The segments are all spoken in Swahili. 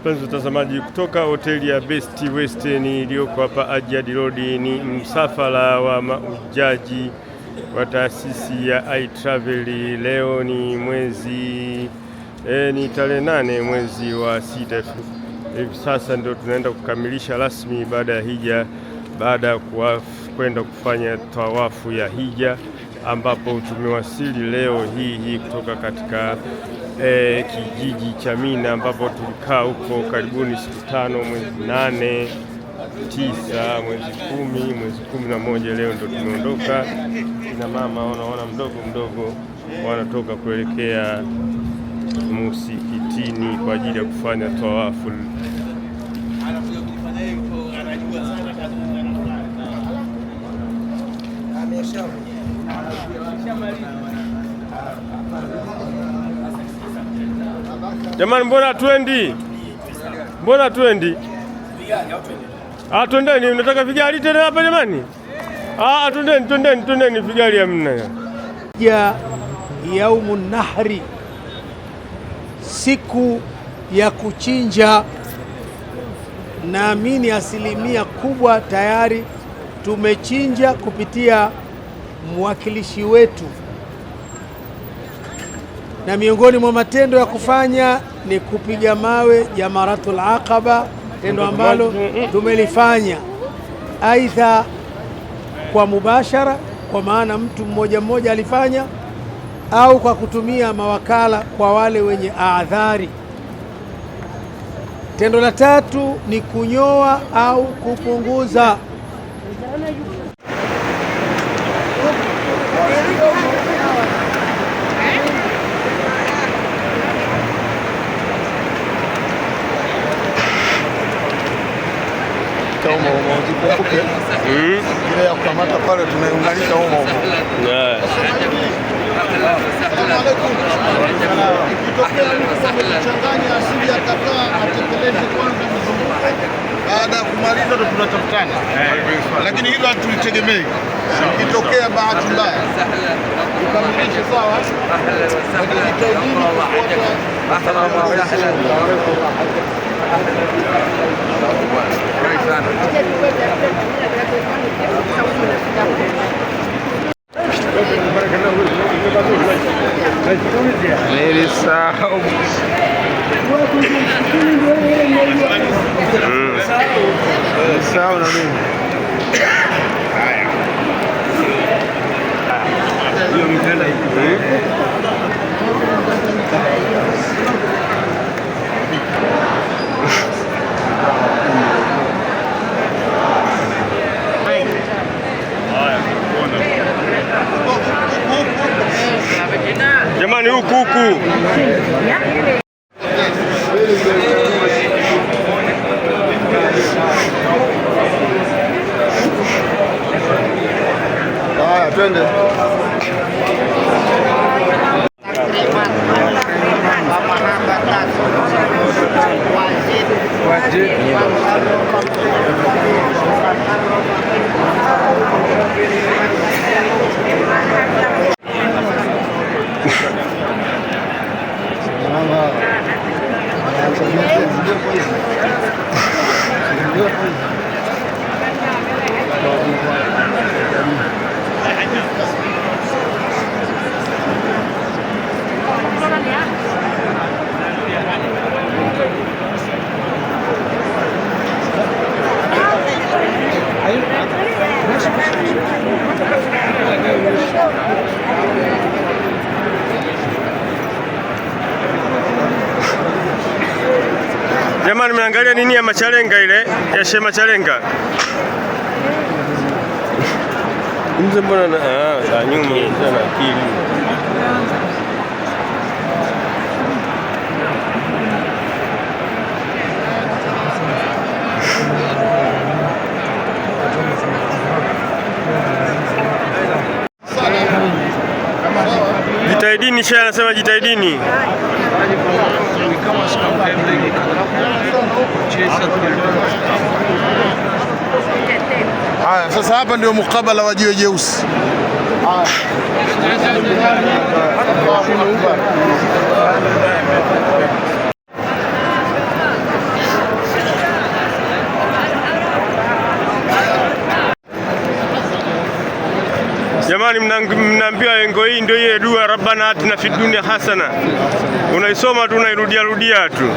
Mpenzi mtazamaji, kutoka hoteli ya Best Western iliyoko hapa Ajadi Road, ni msafara wa maujaji wa taasisi ya I Travel. Leo ni mwezi e, ni tarehe nane mwezi wa sita. Hivi sasa ndio tunaenda kukamilisha rasmi baada ya hija, baada ya kwenda kufanya tawafu ya hija, ambapo tumewasili leo hii hii kutoka katika e, kijiji cha Mina ambapo tulikaa huko karibuni siku tano, mwezi nane, tisa, mwezi kumi, mwezi kumi na moja. Leo ndo tumeondoka kina mama, wanaona mdogo mdogo wanatoka kuelekea musikitini kwa ajili ya kufanya tawafu. Jamani, mbona twendi? Mbona twendi? Ah, twendeni, nataka vigari tena hapa jamani? Ah, ah twendeni, twendeni, twendeni, vigari hamna. Ya yaumu nahri, siku ya kuchinja. Naamini asilimia kubwa tayari tumechinja kupitia mwakilishi wetu na miongoni mwa matendo ya kufanya ni kupiga mawe jamaratul aqaba, tendo ambalo tumelifanya aidha kwa mubashara, kwa maana mtu mmoja mmoja alifanya, au kwa kutumia mawakala kwa wale wenye aadhari. Tendo la tatu ni kunyoa au kupunguza pale tumeunganisha humo huko. Baada ya kumaliza ndo tunatafutana, lakini hilo hatulitegemei. Ikitokea bahati mbaya ukamilishe sawa, lakini Ele salvo. Hum. Salvo, Shema Chalenga mzee, mbona na nyuma na akili Jitahidini, shehe anasema jitahidini. Haya, sasa hapa ndio mukabala wa jiwe jeusi. Jamani, mnaambiwa engo hii ndio ile dua rabbana atina fi dunya hasana, unaisoma tu unairudia rudia tu.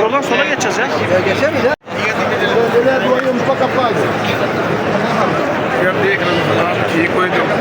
Sola sola geçeceğiz ya. Geçer miyiz ya? 习惯就好。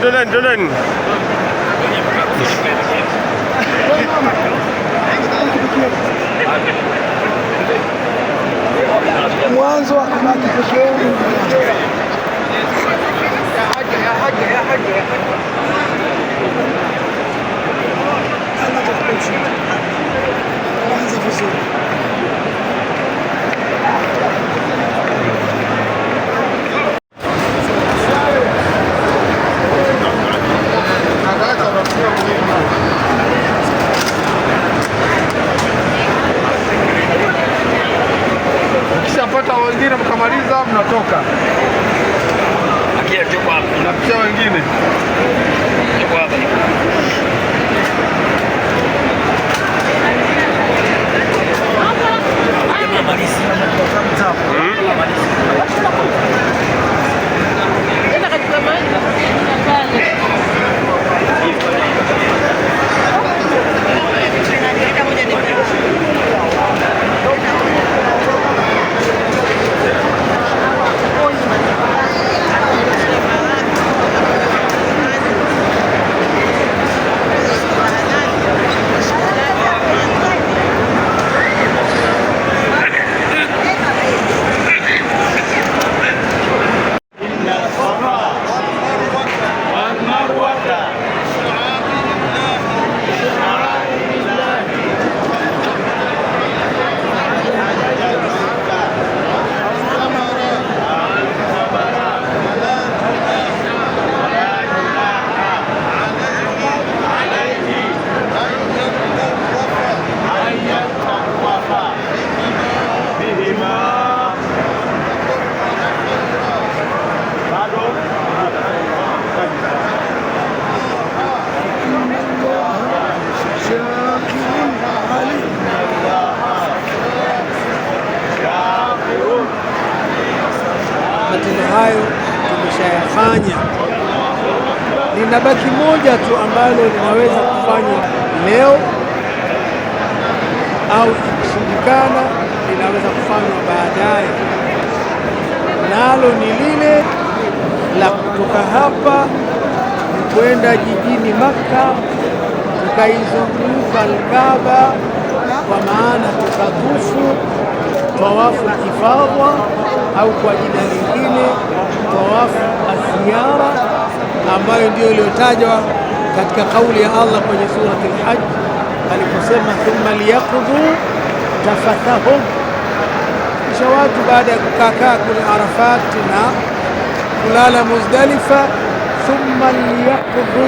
dönün dönün dönün. Mwanzo wa kamati kesho. Ya haja ya haja ya haja ya haja. ambalo linaweza kufanywa leo au ikishindikana linaweza kufanywa baadaye, nalo ni lile la kutoka hapa kwenda jijini Makka tukaizunguka lkaba kwa maana tukatufu tawafu ifadha au kwa jina lingine tawafu asiara ambayo ndiyo iliyotajwa katika kauli ya Allah kwenye surati al-Hajj aliposema, thumma liyaqudhu tafathahum, kisha watu baada ya kukaakaa kule Arafati na kulala Muzdalifa, thumma liyaqudhu,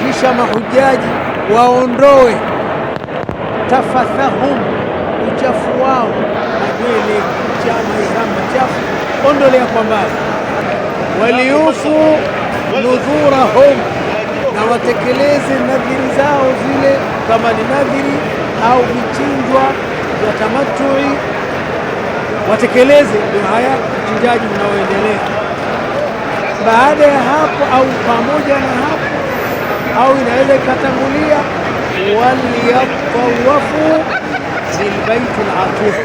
kisha mahujaji waondoe tafathahum, uchafu wao, nywele, kucha, mahram machafu, ondolea kwa mbali, waliufu nudhurahum na watekeleze nadhiri zao zile, kama ni nadhiri au vichinjwa vya tamatui, watekeleze Ndio haya uchinjaji unaoendelea. Baada ya hapo au pamoja na hapo au inaweza ikatangulia, waliyatawafu bilbaitul atiq,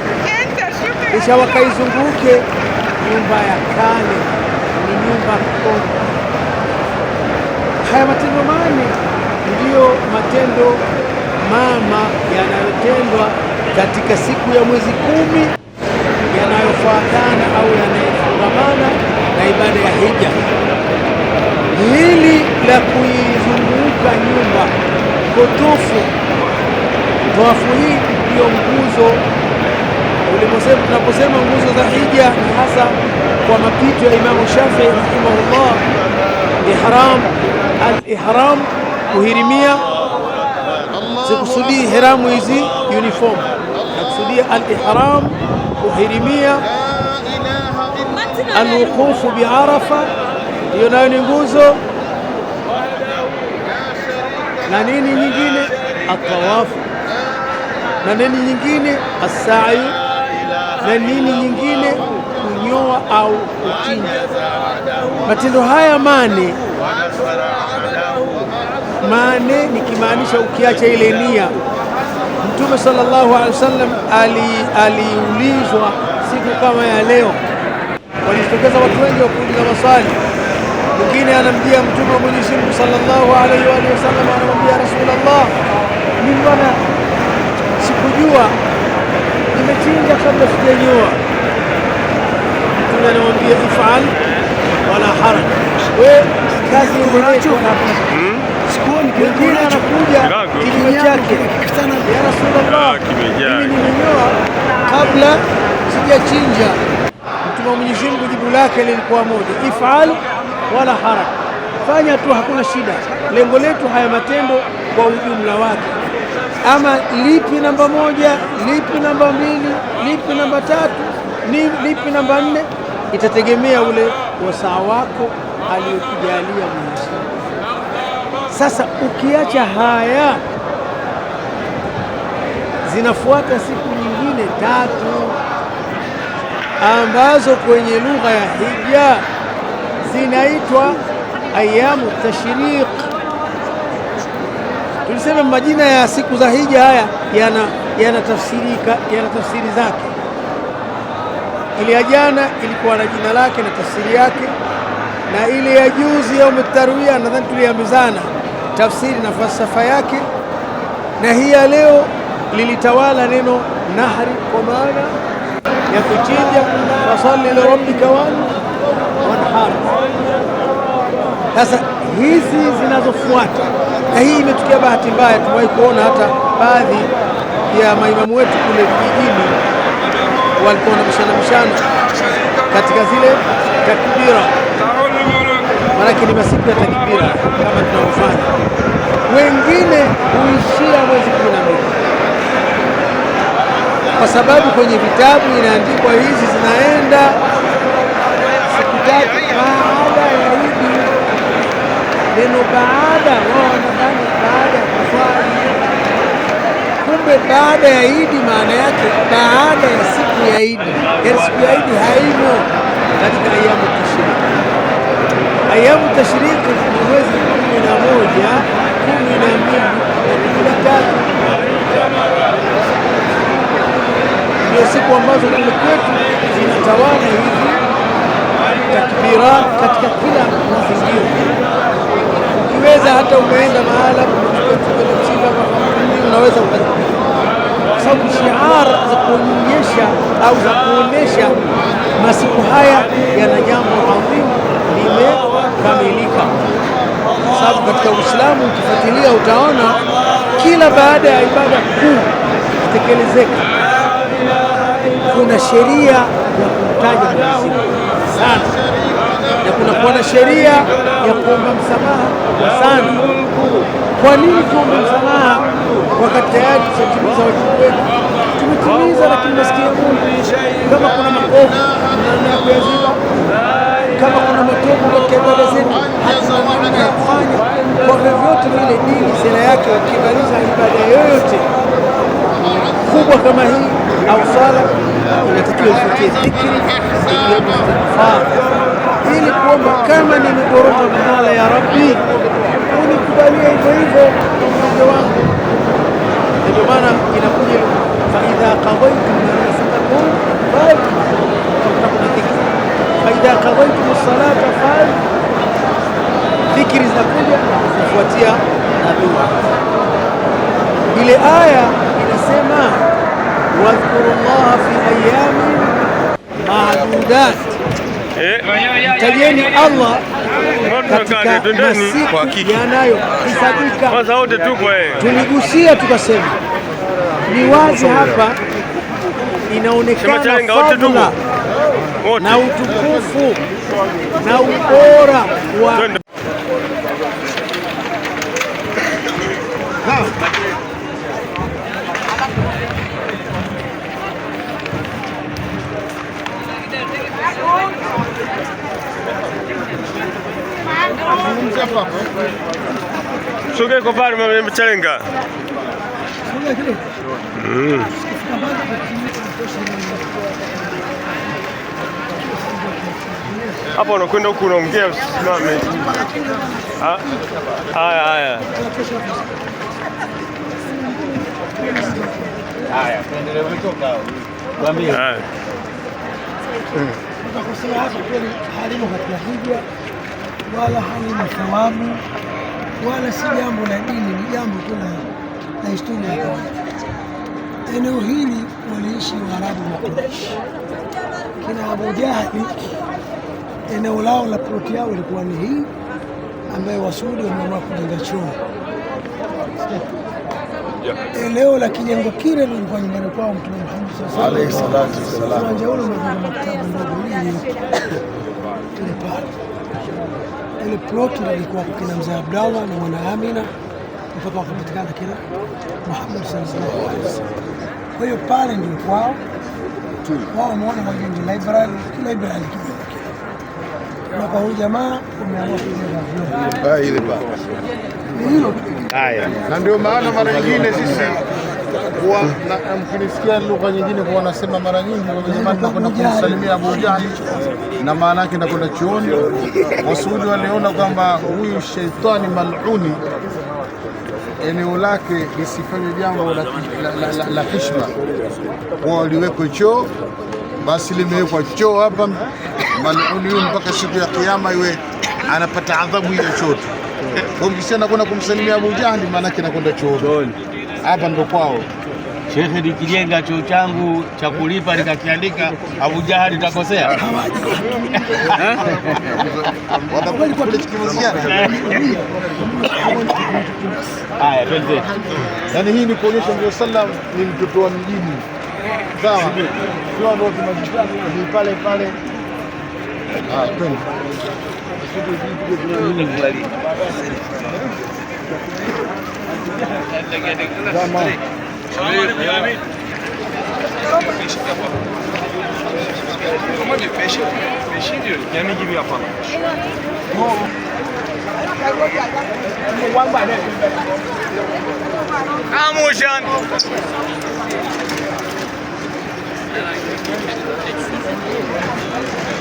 kisha wakaizunguke nyumba ya kale, ni nyumba kongwe Haya matendo manne ndiyo matendo mama yanayotendwa katika siku ya mwezi kumi yanayofuatana au yanayofungamana na ibada ya hija. Hili la kuizunguka nyumba potofu, tawafu hii ndiyo nguzo tunaposema nguzo za hija, ni hasa kwa mapito ya Imamu Shafii rahimahullah ihram al-ihram, kuhirimia. Sikusudii ihramu hizi uniform, nakusudia al-ihram, kuhirimia. Alwuqufu biarafa Arafa, hiyo nayo ni nguzo na nini nyingine atawafu, na nini nyingine asayu, na nini nyingine kunyoa au kuchinja. Matendo haya mane mane, nikimaanisha ukiacha ile nia. Mtume sallallahu alaihi wasallam aliulizwa ali siku kama ya leo, walitokeza watu wengi wa kuuliza maswali. Mwingine anamjia Mtume wa Mwenyezi Mungu sallallahu alaihi wa sallam, anamwambia Rasulullah, mimi bwana sikujua nimechinja kabla sijanyoa Mungu anamwambia ifal wala haraj, wewe kazi unacho wengine anakuja kilio chake, ya Rasulullah, mimi nimenyoa kabla sijachinja. Mtume wa Mwenyezi Mungu jibu lake lilikuwa moja, ifal wala haraj, fanya tu, hakuna shida. Lengo letu haya matendo kwa ujumla wake, ama lipi namba moja, lipi namba mbili, lipi namba tatu, lipi namba nne itategemea ule wasaa wako aliyokujalia Mwenyezi Sasa ukiacha haya, zinafuata siku nyingine tatu ambazo kwenye lugha ya hija zinaitwa ayamu tashriq. Tulisema majina ya siku za hija haya yana, yana tafsiri zake ile ya jana ilikuwa na jina lake na tafsiri yake, na ile ya juzi au mtarwia, nadhani tuliambizana tafsiri na falsafa yake, na hii ya leo lilitawala neno nahri kwa maana ya kuchinja, fasalli lirabbika wanhar. Sasa hizi zinazofuata, na hii imetukia bahati mbaya, tumewahi kuona hata baadhi ya maimamu wetu kule vijijini walikuwa mishana bishana katika zile takbira, maanake ni masiku ya takbira kama tunaofanya. Wengine huishia mwezi kumi na mbili kwa sababu kwenye vitabu inaandikwa hizi zinaenda siku tatu baada ya Idi. Neno baada wao wanadhani Kumbe baada ya Idi maana yake baada ya siku ya Idi, yaani siku ya Idi haimo katika ayamu tashiriki. Ayamu tashiriki ni mwezi kumi na moja, kumi na mbili na kumi na tatu, ndio siku ambazo kule kwetu zinatawala hivi takbira katika kila mazingira. Ukiweza hata umeenda mahala unaweza sababu shiara za kuonyesha au za kuonyesha masiku haya yana jambo adhimu limekamilika, sababu katika Uislamu ukifuatilia utaona kila baada ya ibada kuu kutekelezeka kuna sheria ya kumtaja sana na kuna kuona sheria ya kuomba msamaha sana. Kwa nini kuomba msamaha? kama hii au swala inatakiwa ifuatie dhikri istighfar, ili kuomba kama nimegoroka mahala, ya Rabbi unikubalie hivyo hivyo mgongo wangu. Ndio maana inakuja faidha qadaytum manasikakum faidha qadaytum salata fal, dhikri zinakuja kufuatia na dua. Ile aya inasema wadhkuru llaha fi ayami maadudat, mtajeni Allah katika masiku yanayokisabika. Tuligusia tukasema ni wazi hapa inaonekana fadhila na utukufu na ubora wa Shuka iko pale mama mchenga. Hmm. Hapo unakwenda huku unaongea usimame. Haya haya. Haya wala na thawabu wala si jambo la dini, ni jambo tu la historia ya Eneo hili waliishi Waarabu wa Quraysh, kina Abu Jahli, eneo lao la ploti yao ilikuwa ni hii ambayo Wasudi wameamua kujenga choo. Eneo la kijengo kile lilikuwa nyumbani kwao Mtume Muhammad alayhi wasallam, uwanja ule maktaba ndogo ile pale ile plot ilikuwa kwa kina mzee Abdallah na mwana Amina mpaka wakapatikana kina Muhammad sallallahu alaihi wasallam. Kwa hiyo pale ndio kwao wao wameona moja ni library, library na kwa huyu jamaa umeamua kujenga ile baba, hilo. Haya, na ndio maana mara nyingine sisi mkilisikia lugha nyingine kuwa wanasema mara nyingi kwamba nakwenda kumsalimia Abu na maana yake nakwenda chuoni. Wasuudi waliona kwamba huyu sheitani maluni eneo lake lisifanye jambo la hishma, kwa waliwekwa choo, basi limewekwa choo hapa maluni huyu mpaka siku ya Kiyama iwe anapata adhabu hiyo choto. Kwa mkisikia nakwenda kumsalimia Abu Jahli, maana nakwenda chooni hapa ndo kwao. Shekhe, nikijenga choo changu cha kulipa nikakiandika Abu Jahali, utakosea haya. Twende, yaani hii ni kuonyesha Mtume sallam ni mtoto wa mjini, sawa? Ni pale pale, ah, twende Sen de gerektiler. Tamam. Selamünaleyküm Yamin. Beşik yapalım. Ama diyor beşik, beşik diyor gemi gibi yapalım. Ne olur? Amuşan. Thank you.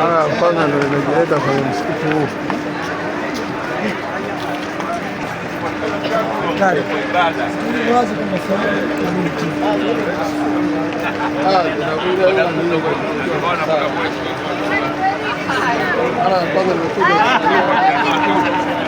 Ahora pagan la bicicleta para el sitio. Cara, o negócio começou a mentir. Ah, na vida é um amigo. Ahora pagan la bicicleta.